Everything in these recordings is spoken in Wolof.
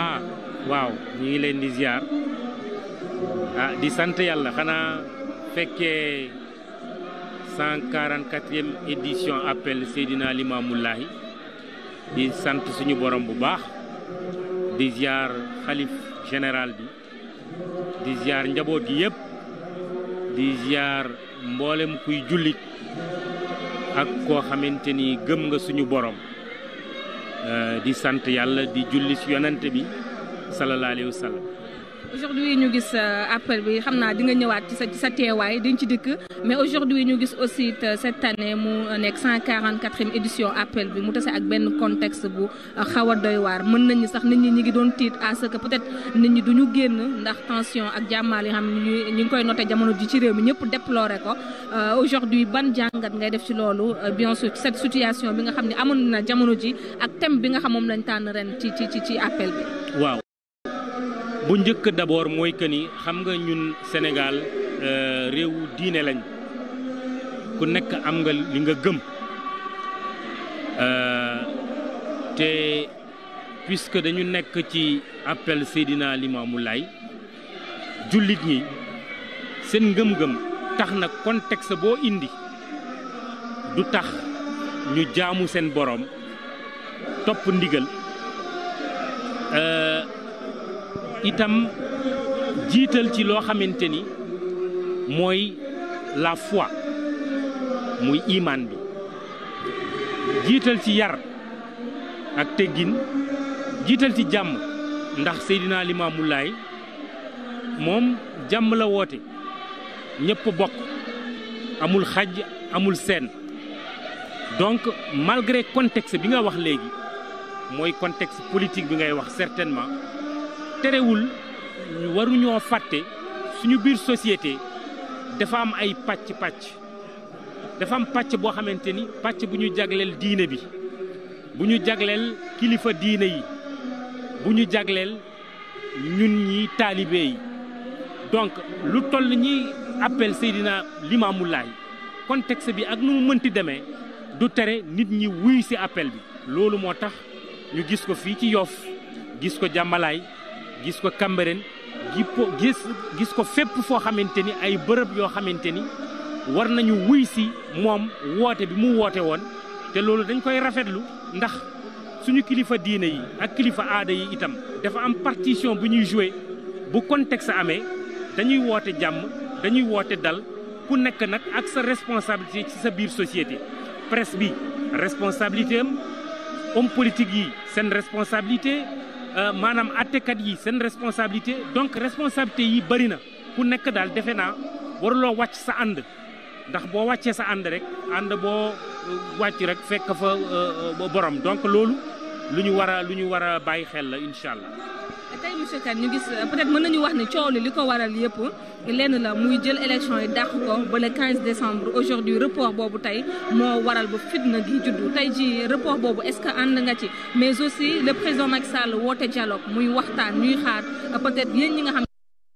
ah waaw ñu ngi leen di ziar ah, di sant yàlla xanaa fekkee cent quarante quatrième édition appel Seydina Limamou di sant suñu borom bu baax di ziar xalif général bi di ziar njaboot gi yëpp di ziar mboolem kuy jullit ak koo xamante ni gëm nga suñu borom eh, di sant yàlla di julli ci yonante bi sallallahu alayhi wa aujourd'hui ñu gis euh, appel bi xam naa di nga ñëwaat ci sa sa teewaay di nga ci dikk mais aujourd'hui ñu gis aussi euh, cette année mu euh, nekk 144e édition appel bi mu tase ak benn contexte bu xaw doy waar mën nañ nañu sax nit ñi ñi ngi doon tiit à ce que peut-être nit ñi duñu génn ndax tension ak jàmmaal yi xam ñu ngi koy noté jamono ji ci réew mi ñëpp déploré ko aujourd'hui ban jàngat ngay def ci loolu bien sûr cette situation bi nga xam ne amoon na jamono ji ak bi nga xam moom lañ tànn ren ci ci ci appel bu njëkk d'abord mooy que ni xam nga ñun Sénégal euh, réewu diine lañ ku nekk am nga li nga gëm euh, te puisque dañu nekk ci appel Seydina mu Laay jullit ñi seen ngëm-ngëm tax na sa boo indi du tax ñu jaamu seen boroom topp ndigal. Euh, itam jiital ci loo xamante ni mooy la foi muy imaan bi jiital ci yar ak teggin jiital ci jàmm ndax Seydina Limaamu Laay moom jàmm la woote ñëpp bokk amul xaj amul seen donc malgré contexte bi nga wax léegi mooy contexte politique bi ngay wax sertenement terewul waruñoo fàtte suñu biir société dafa am ay pàcc-pàcc dafa am pàcc boo xamante ni pàcc bu ñu jagleel diine bi bu ñu jagleel kilifa diine yi bu ñu jagleel ñun ñi taalibee yi donc lu toll ñi appel Seydina Limaamu Laay contexte bi ak nu mu mënti demee du tere nit ñi wuy ci appel bi loolu moo tax ñu gis ko fii ci yoof gis ko jàmmalaay gis ko Cambérène gis gis ko fépp foo xamante ni ay bërëb yoo xamante ni war nañu wuy si moom woote bi mu woote woon te loolu dañ koy rafetlu ndax suñu kilifa diine yi ak kilifa aada yi itam dafa am partition bu ñuy joué bu sa amee dañuy woote jàmm dañuy woote dal ku nekk nag ak sa responsabilité ci sa biir société presse bi responsabilité am homme yi seen responsabilité Euh, maanaam attekat yi seen responsabilité donc responsabilité yi bari na ku nekk daal defe naa waruloo wàcc sa ànd ndax boo wàccee sa ànd rek ànd boo euh, wàcc rek fekk fa euh, borom donc loolu lu ñu war a lu ñu war a bàyyi xel la incha allah. tey monsieur Kane ñu gis peut-être mën nañu wax ne coow li li ko waral yëpp lenn la muy jël élection yi dàq ko ba le 15 décembre aujourd'hui report boobu tey moo waral ba fitna gi juddu tey ji report boobu est-ce que ànd nga ci mais aussi le président Macky Sall woote dialogue muy waxtaan ñuy xaar peut-être yéen ñi nga xam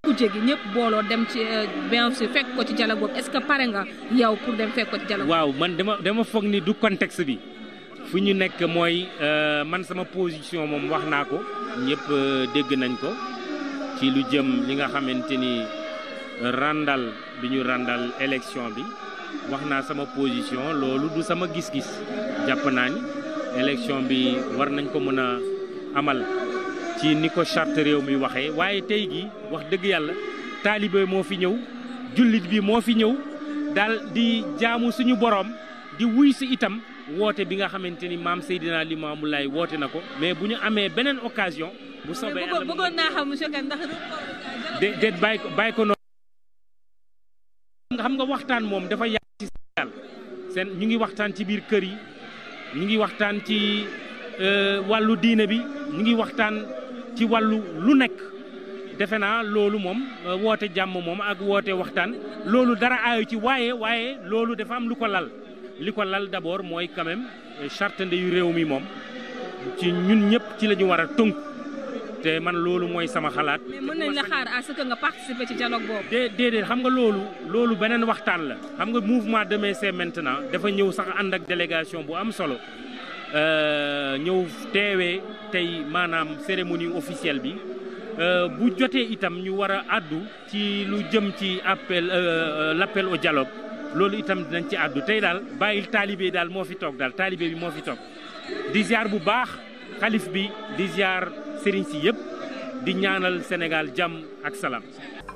ku gi ñëpp booloo dem ci euh, bien sûr fekk ko ci dialogue boobu est-ce que pare nga yow pour dem fekk ko ci dialogue waaw man dama dama foog ni du contexte bi fu ñu nekk mooy euh, man sama position moom wax naa ko ñëpp euh, dégg nañ ko ci lu jëm li nga xamante ni ràndal bi ñu ràndal élection bi wax naa sama position loolu du sama gis-gis jàpp naa ni élection bi war nañ ko mën a amal ci ni ko charte réew mi waxee waaye tey gi wax dëgg yàlla taalibe moo fi ñëw jullit bi moo fi ñëw daal jaamu suñu boroom di wuy si itam woote bi nga xamante ni maam Seydina Limaamu Laay woote na ko mais bu ñu amee beneen occasion. bu soobee yàlla bëggoon naa xam bàyyi ko bàyyi ko noonu. nga xam nga waxtaan moom dafa yàgg ci Sénégal seen ñu ngi waxtaan ci biir kër yi ñu ngi waxtaan ci euh, wàllu diine bi ñu ngi waxtaan ci wàllu lu nekk defe naa loolu moom euh, woote jàmm moom ak woote waxtaan loolu dara aayu ci waaye waaye loolu dafa am lu ko lal. li ko lal d'abord mooy quand même euh, charte ndeyu réew mi moom ci ñun ñëpp ci lañu ñu war a tënk te man loolu mooy sama xalaat. mais mën nañ la xaar à ce que nga participer ci dialogue boobu. déedéet xam nga loolu loolu beneen waxtaan la xam nga mouvement Demain c'est maintenant dafa ñëw sax ànd ak délégation bu am solo euh, ñëw teewee tey maanaam cérémonie officielle bi euh, bu jotee itam ñu war a àddu ci lu jëm ci appel l'appel au dialogue loolu itam dinañ ci àddu tey daal bàyyil taalibe daal moo fi toog daal taalibe bi moo fi toog di ziar bu baax xalif bi di ziar sëriñ si yëpp di ñaanal Sénégal jàmm ak salaam.